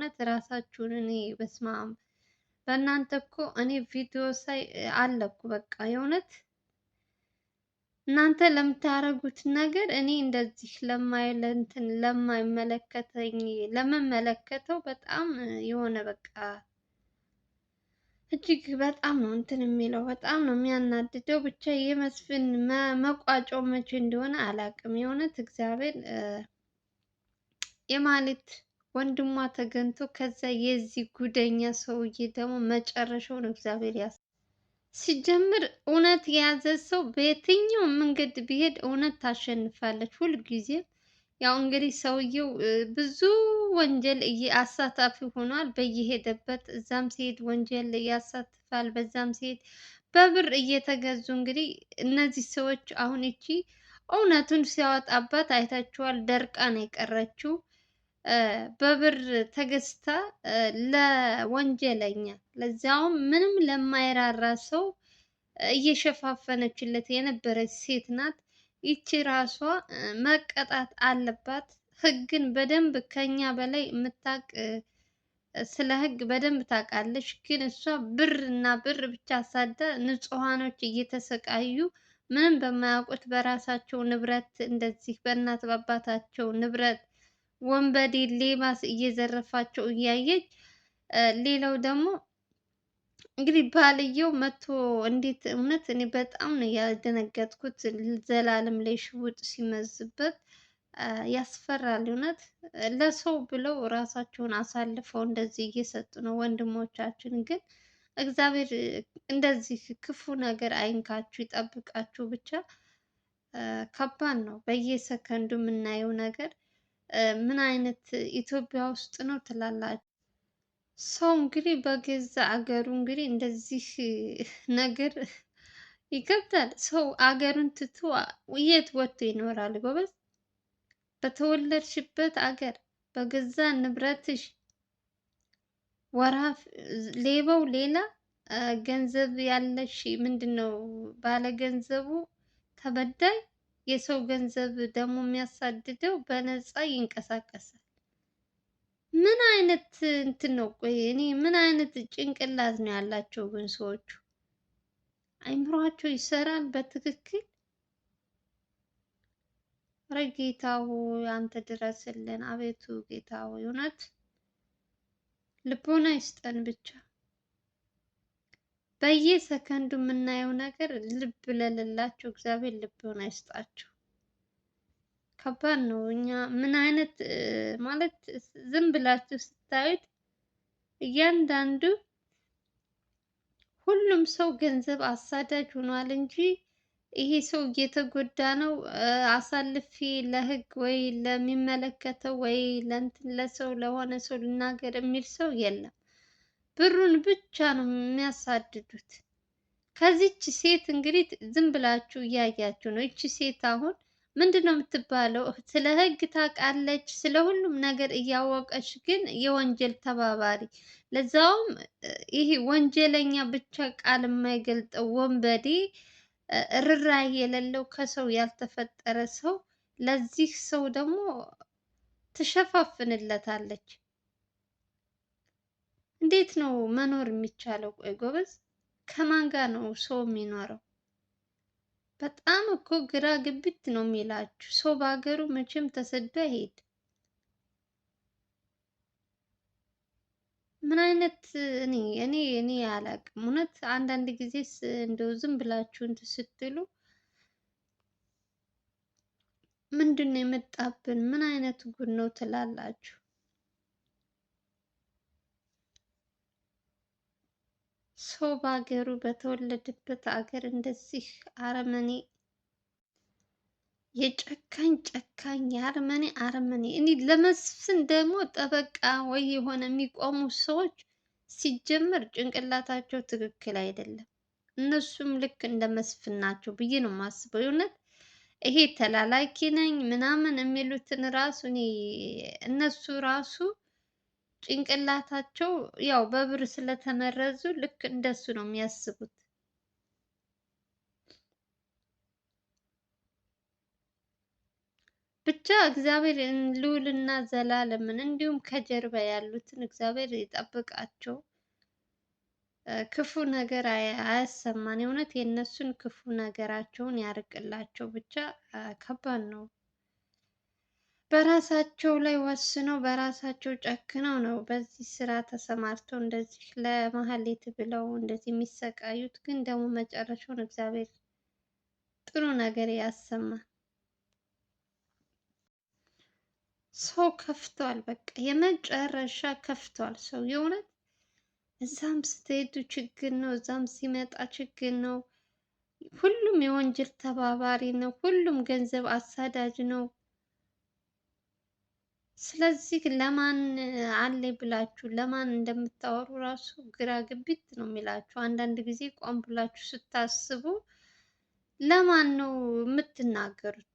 እውነት ራሳችሁን እኔ በስማም በእናንተ እኮ እኔ ቪዲዮ ሳይ አለኩ በቃ የእውነት እናንተ ለምታደርጉት ነገር እኔ እንደዚህ ለማይለንትን ለማይመለከተኝ ለምመለከተው በጣም የሆነ በቃ እጅግ በጣም ነው እንትን የሚለው በጣም ነው የሚያናድደው። ብቻ የመስፍን መቋጫው መቼ እንደሆነ አላውቅም። የእውነት እግዚአብሔር የማለት ወንድሟ ተገንቶ ከዛ የዚህ ጉደኛ ሰውዬ ደግሞ መጨረሻውን እግዚአብሔር ያስ ሲጀምር እውነት የያዘ ሰው በየትኛው መንገድ ቢሄድ እውነት ታሸንፋለች። ሁልጊዜም ያው እንግዲህ ሰውየው ብዙ ወንጀል አሳታፊ ሆኗል። በየሄደበት እዛም ሲሄድ ወንጀል ያሳትፋል፣ በዛም ሲሄድ በብር እየተገዙ እንግዲህ እነዚህ ሰዎች አሁን ይቺ እውነቱን ሲያወጣባት አይታችኋል። ደርቃ ነው የቀረችው። በብር ተገዝታ ለወንጀለኛ ለዚያውም ምንም ለማይራራ ሰው እየሸፋፈነችለት የነበረች ሴት ናት። ይቺ ራሷ መቀጣት አለባት። ህግን በደንብ ከኛ በላይ የምታቅ ስለ ህግ በደንብ ታውቃለች። ግን እሷ ብር እና ብር ብቻ አሳዳ ንጹሐኖች እየተሰቃዩ ምንም በማያውቁት በራሳቸው ንብረት እንደዚህ በእናት በአባታቸው ንብረት ወንበዴ ሌባ እየዘረፋቸው እያየች፣ ሌላው ደግሞ እንግዲህ ባልየው መቶ እንዴት እውነት እኔ በጣም ነው ያደነገጥኩት። ዘላለም ላይ ሽውጥ ሲመዝበት ያስፈራል። እውነት ለሰው ብለው ራሳቸውን አሳልፈው እንደዚህ እየሰጡ ነው። ወንድሞቻችን ግን እግዚአብሔር እንደዚህ ክፉ ነገር አይንካችሁ፣ ይጠብቃችሁ። ብቻ ከባድ ነው በየሰከንዱ የምናየው ነገር ምን አይነት ኢትዮጵያ ውስጥ ነው ትላላችሁ? ሰው እንግዲህ በገዛ አገሩ እንግዲህ እንደዚህ ነገር ይከብዳል። ሰው አገሩን ትቶ የት ወጥቶ ይኖራል ጎበዝ? በተወለድሽበት አገር በገዛ ንብረትሽ ወራፍ ሌባው ሌላ ገንዘብ ያለሽ ምንድን ነው ባለ ገንዘቡ ተበዳይ የሰው ገንዘብ ደግሞ የሚያሳድደው በነፃ ይንቀሳቀሳል። ምን አይነት እንትን ነው? ቆይ እኔ ምን አይነት ጭንቅላት ነው ያላቸው ግን ሰዎቹ? አይምሯቸው ይሰራል በትክክል? ኧረ ጌታ ሆይ አንተ ድረስልን። አቤቱ ጌታ ሆይ እውነት ልቦና ይስጠን ብቻ። በየሰከንዱ የምናየው ነገር ልብ ለሌላቸው እግዚአብሔር ልቡን አይስጣቸው። ከባድ ነው። እኛ ምን አይነት ማለት ዝም ብላችሁ ስታዩት እያንዳንዱ ሁሉም ሰው ገንዘብ አሳዳጅ ሆኗል እንጂ ይሄ ሰው እየተጎዳ ነው አሳልፌ ለህግ ወይ ለሚመለከተው ወይ ለእንትን ለሰው ለሆነ ሰው ልናገር የሚል ሰው የለም። ብሩን ብቻ ነው የሚያሳድዱት። ከዚች ሴት እንግዲህ ዝም ብላችሁ እያያችሁ ነው። ይቺ ሴት አሁን ምንድን ነው የምትባለው? ስለ ህግ ታውቃለች፣ ስለ ሁሉም ነገር እያወቀች ግን የወንጀል ተባባሪ ለዛውም ይሄ ወንጀለኛ ብቻ ቃል የማይገልጠው ወንበዴ፣ እርራይ የሌለው ከሰው ያልተፈጠረ ሰው ለዚህ ሰው ደግሞ ትሸፋፍንለታለች። እንዴት ነው መኖር የሚቻለው? ቆይ ጎበዝ፣ ከማን ጋር ነው ሰው የሚኖረው? በጣም እኮ ግራ ግቢት ነው የሚላችሁ። ሰው በሀገሩ መቼም ተሰዶ አይሄድ። ምን አይነት እኔ እኔ እኔ አላቅም። እውነት። አንዳንድ ጊዜ እንደው ዝም ብላችሁ እንትን ስትሉ ምንድን ነው የመጣብን? ምን አይነት ጉድ ነው ትላላችሁ። ሰው በሀገሩ በተወለደበት አገር እንደዚህ አረመኔ የጨካኝ ጨካኝ የአረመኔ አረመኔ። እኔ ለመስፍን ደግሞ ጠበቃ ወይ የሆነ የሚቆሙ ሰዎች ሲጀመር ጭንቅላታቸው ትክክል አይደለም። እነሱም ልክ እንደ መስፍን ናቸው ብዬ ነው የማስበው። የእውነት ይሄ ተላላኪ ነኝ ምናምን የሚሉትን ራሱ እነሱ ራሱ ጭንቅላታቸው ያው በብር ስለተመረዙ ልክ እንደሱ ነው የሚያስቡት። ብቻ እግዚአብሔር ልዑልና ዘላለምን እንዲሁም ከጀርባ ያሉትን እግዚአብሔር ይጠብቃቸው። ክፉ ነገር አያሰማን። የእውነት የእነሱን ክፉ ነገራቸውን ያርቅላቸው። ብቻ ከባድ ነው። በራሳቸው ላይ ወስነው በራሳቸው ጨክነው ነው በዚህ ስራ ተሰማርተው እንደዚህ ለመሀሌት ብለው እንደዚህ የሚሰቃዩት። ግን ደግሞ መጨረሻውን እግዚአብሔር ጥሩ ነገር ያሰማል። ሰው ከፍቷል፣ በቃ የመጨረሻ ከፍቷል። ሰው የእውነት እዛም ስትሄዱ ችግር ነው፣ እዛም ሲመጣ ችግር ነው። ሁሉም የወንጀል ተባባሪ ነው። ሁሉም ገንዘብ አሳዳጅ ነው። ስለዚህ ለማን አለ ብላችሁ ለማን እንደምታወሩ ራሱ ግራ ግቢት ነው የሚላችሁ። አንዳንድ ጊዜ ቆም ብላችሁ ስታስቡ ለማን ነው የምትናገሩት?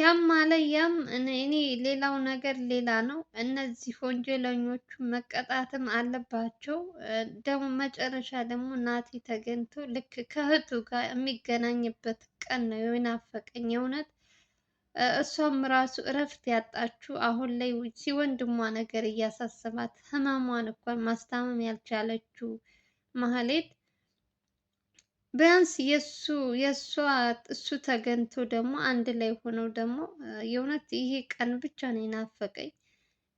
ያም አለ ያም እኔ ሌላው ነገር ሌላ ነው። እነዚህ ወንጀለኞቹ መቀጣትም አለባቸው። ደግሞ መጨረሻ ደግሞ ናቲ ተገኝቶ ልክ ከእህቱ ጋር የሚገናኝበት ቀን ነው የናፈቀኝ የእውነት። እሷም ራሱ እረፍት ያጣችው አሁን ላይ ሲወንድሟ ነገር እያሳሰባት ህመሟን እንኳን ማስታመም ያልቻለችው ማህሌት ቢያንስ የእሱ የእሷ እሱ ተገንቶ ደግሞ አንድ ላይ ሆነው ደግሞ የእውነት ይሄ ቀን ብቻ ነው የናፈቀኝ።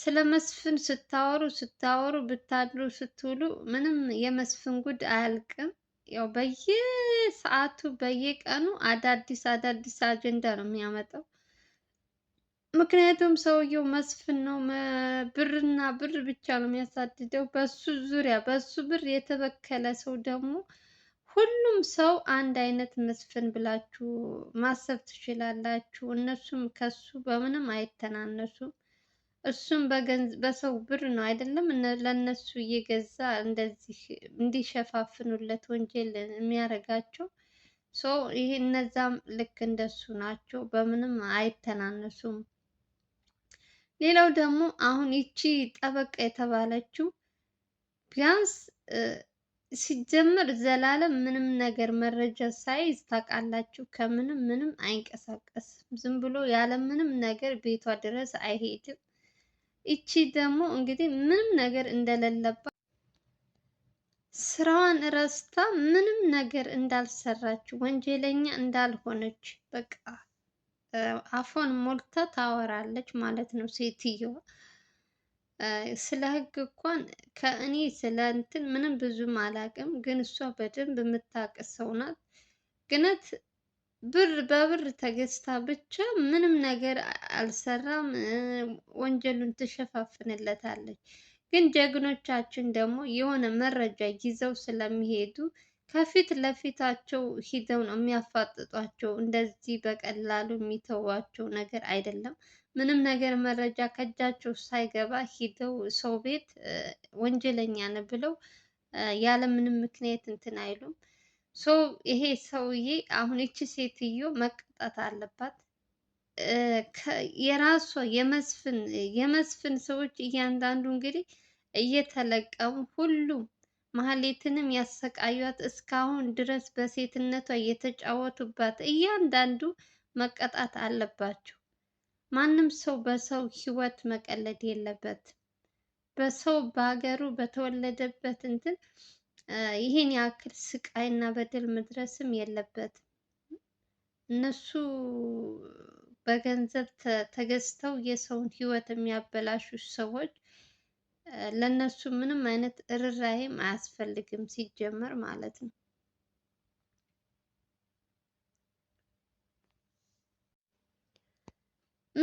ስለ መስፍን ስታወሩ ስታወሩ ብታድሩ ስትውሉ ምንም የመስፍን ጉድ አያልቅም። ያው በየሰዓቱ በየቀኑ አዳዲስ አዳዲስ አጀንዳ ነው የሚያመጣው። ምክንያቱም ሰውየው መስፍን ነው፣ ብርና ብር ብቻ ነው የሚያሳድደው። በሱ ዙሪያ በሱ ብር የተበከለ ሰው ደግሞ ሁሉም ሰው አንድ አይነት መስፍን ብላችሁ ማሰብ ትችላላችሁ። እነሱም ከሱ በምንም አይተናነሱም። እሱም በሰው ብር ነው አይደለም ለእነሱ እየገዛ እንደዚህ እንዲሸፋፍኑለት ወንጀል የሚያደርጋቸው ሰው ይሄ እነዛም ልክ እንደሱ ናቸው። በምንም አይተናነሱም። ሌላው ደግሞ አሁን ይቺ ጠበቃ የተባለችው ቢያንስ ሲጀመር ዘላለም ምንም ነገር መረጃ ሳይዝ ታውቃላችሁ፣ ከምንም ምንም አይንቀሳቀስም። ዝም ብሎ ያለ ምንም ነገር ቤቷ ድረስ አይሄድም። ይቺ ደግሞ እንግዲህ ምንም ነገር እንደሌለባት ስራዋን ረስታ ምንም ነገር እንዳልሰራች ወንጀለኛ እንዳልሆነች በቃ አፏን ሞልታ ታወራለች ማለት ነው ሴትየዋ። ስለ ህግ እንኳን ከእኔ ስለ እንትን ምንም ብዙም አላውቅም፣ ግን እሷ በደንብ የምታውቅ ሰው ናት። ግነት ብር በብር ተገዝታ ብቻ ምንም ነገር አልሰራም፣ ወንጀሉን ትሸፋፍንለታለች። ግን ጀግኖቻችን ደግሞ የሆነ መረጃ ይዘው ስለሚሄዱ ከፊት ለፊታቸው ሂደው ነው የሚያፋጥጧቸው። እንደዚህ በቀላሉ የሚተዋቸው ነገር አይደለም። ምንም ነገር መረጃ ከእጃቸው ሳይገባ ሂደው ሰው ቤት ወንጀለኛ ነው ብለው ያለ ምንም ምክንያት እንትን አይሉም። ሰው ይሄ ሰውዬ አሁን ይቺ ሴትዮ መቀጣት አለባት። የራሷ የመስፍን የመስፍን ሰዎች እያንዳንዱ እንግዲህ እየተለቀሙ ሁሉም ማህሌትንም ያሰቃዩት እስካሁን ድረስ በሴትነቷ እየተጫወቱባት እያንዳንዱ መቀጣት አለባቸው። ማንም ሰው በሰው ህይወት መቀለድ የለበት። በሰው በሀገሩ በተወለደበት እንትን ይህን ያክል ስቃይ እና በደል መድረስም የለበት። እነሱ በገንዘብ ተገዝተው የሰውን ህይወት የሚያበላሹ ሰዎች ለነሱ ምንም አይነት እርራይም አያስፈልግም ሲጀመር ማለት ነው።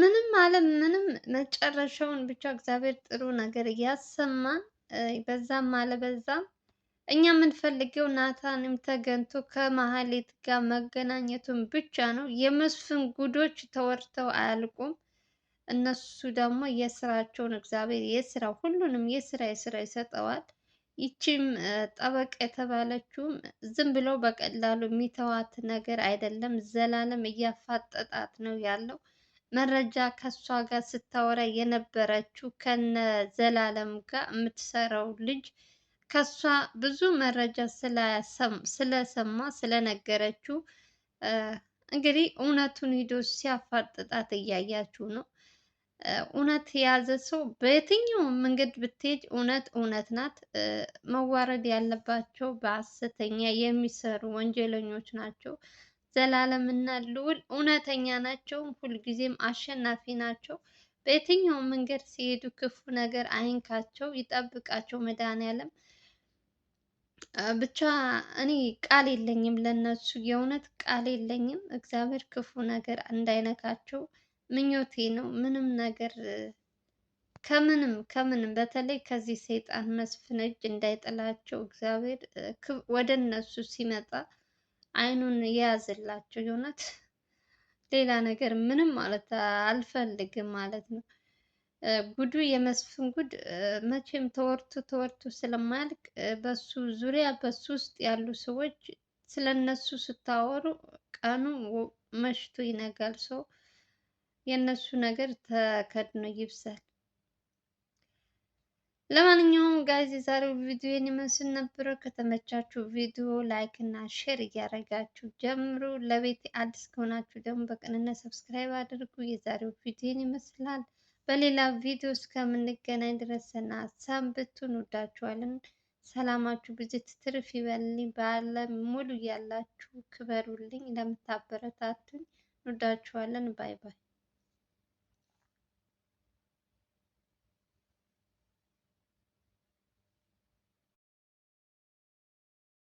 ምንም አለ ምንም መጨረሻውን ብቻ እግዚአብሔር ጥሩ ነገር እያሰማን በዛም አለ በዛም እኛ የምንፈልገው ናታንም ተገንቶ ከመሀሌት ጋር መገናኘቱን ብቻ ነው። የመስፍን ጉዶች ተወርተው አያልቁም። እነሱ ደግሞ የስራቸውን እግዚአብሔር የስራ ሁሉንም የስራ የስራ ይሰጠዋል። ይቺም ጠበቃ የተባለችውም ዝም ብለው በቀላሉ የሚተዋት ነገር አይደለም። ዘላለም እያፋጠጣት ነው ያለው። መረጃ ከእሷ ጋር ስታወራ የነበረችው ከነ ዘላለም ጋር የምትሰራው ልጅ ከሷ ብዙ መረጃ ስለሰማ ስለነገረችው እንግዲህ እውነቱን ሂዶ ሲያፋጥጣት እያያችሁ ነው። እውነት የያዘ ሰው በየትኛውም መንገድ ብትሄድ እውነት እውነት ናት። መዋረድ ያለባቸው በሐሰተኛ የሚሰሩ ወንጀለኞች ናቸው። ዘላለም እና ልዑል እውነተኛ ናቸው። ሁልጊዜም አሸናፊ ናቸው። በየትኛውም መንገድ ሲሄዱ ክፉ ነገር አይንካቸው፣ ይጠብቃቸው መድኃኒዓለም። ብቻ እኔ ቃል የለኝም ለነሱ የእውነት ቃል የለኝም። እግዚአብሔር ክፉ ነገር እንዳይነካቸው ምኞቴ ነው። ምንም ነገር ከምንም ከምንም በተለይ ከዚህ ሰይጣን መስፍን እጅ እንዳይጥላቸው እግዚአብሔር ወደ እነሱ ሲመጣ አይኑን የያዝላቸው የእውነት ሌላ ነገር ምንም ማለት አልፈልግም ማለት ነው። ጉዱ የመስፍን ጉድ መቼም ተወርቶ ተወርቶ ስለማያልቅ በሱ ዙሪያ በሱ ውስጥ ያሉ ሰዎች ስለነሱ ስታወሩ ቀኑ መሽቶ ይነጋል። ሰው የእነሱ ነገር ተከድኖ ይብሳል። ለማንኛውም ጋይዝ የዛሬው ቪዲዮ የሚመስል ነበረ። ከተመቻችሁ ቪዲዮ ላይክ እና ሼር እያደረጋችሁ ጀምሩ። ለቤት አዲስ ከሆናችሁ ደግሞ በቅንነት ሰብስክራይብ አድርጉ። የዛሬው ቪዲዮ ይመስላል። በሌላ ቪዲዮ እስከምንገናኝ ድረስና ሰንብቱ። እንወዳችኋለን። ሰላማችሁ ብዙ ትርፍ ይበልልኝ። በዓለም ሙሉ ያላችሁ ክበሩልኝ። ለምታበረታቱኝ እንወዳችኋለን። ባይ ባይ።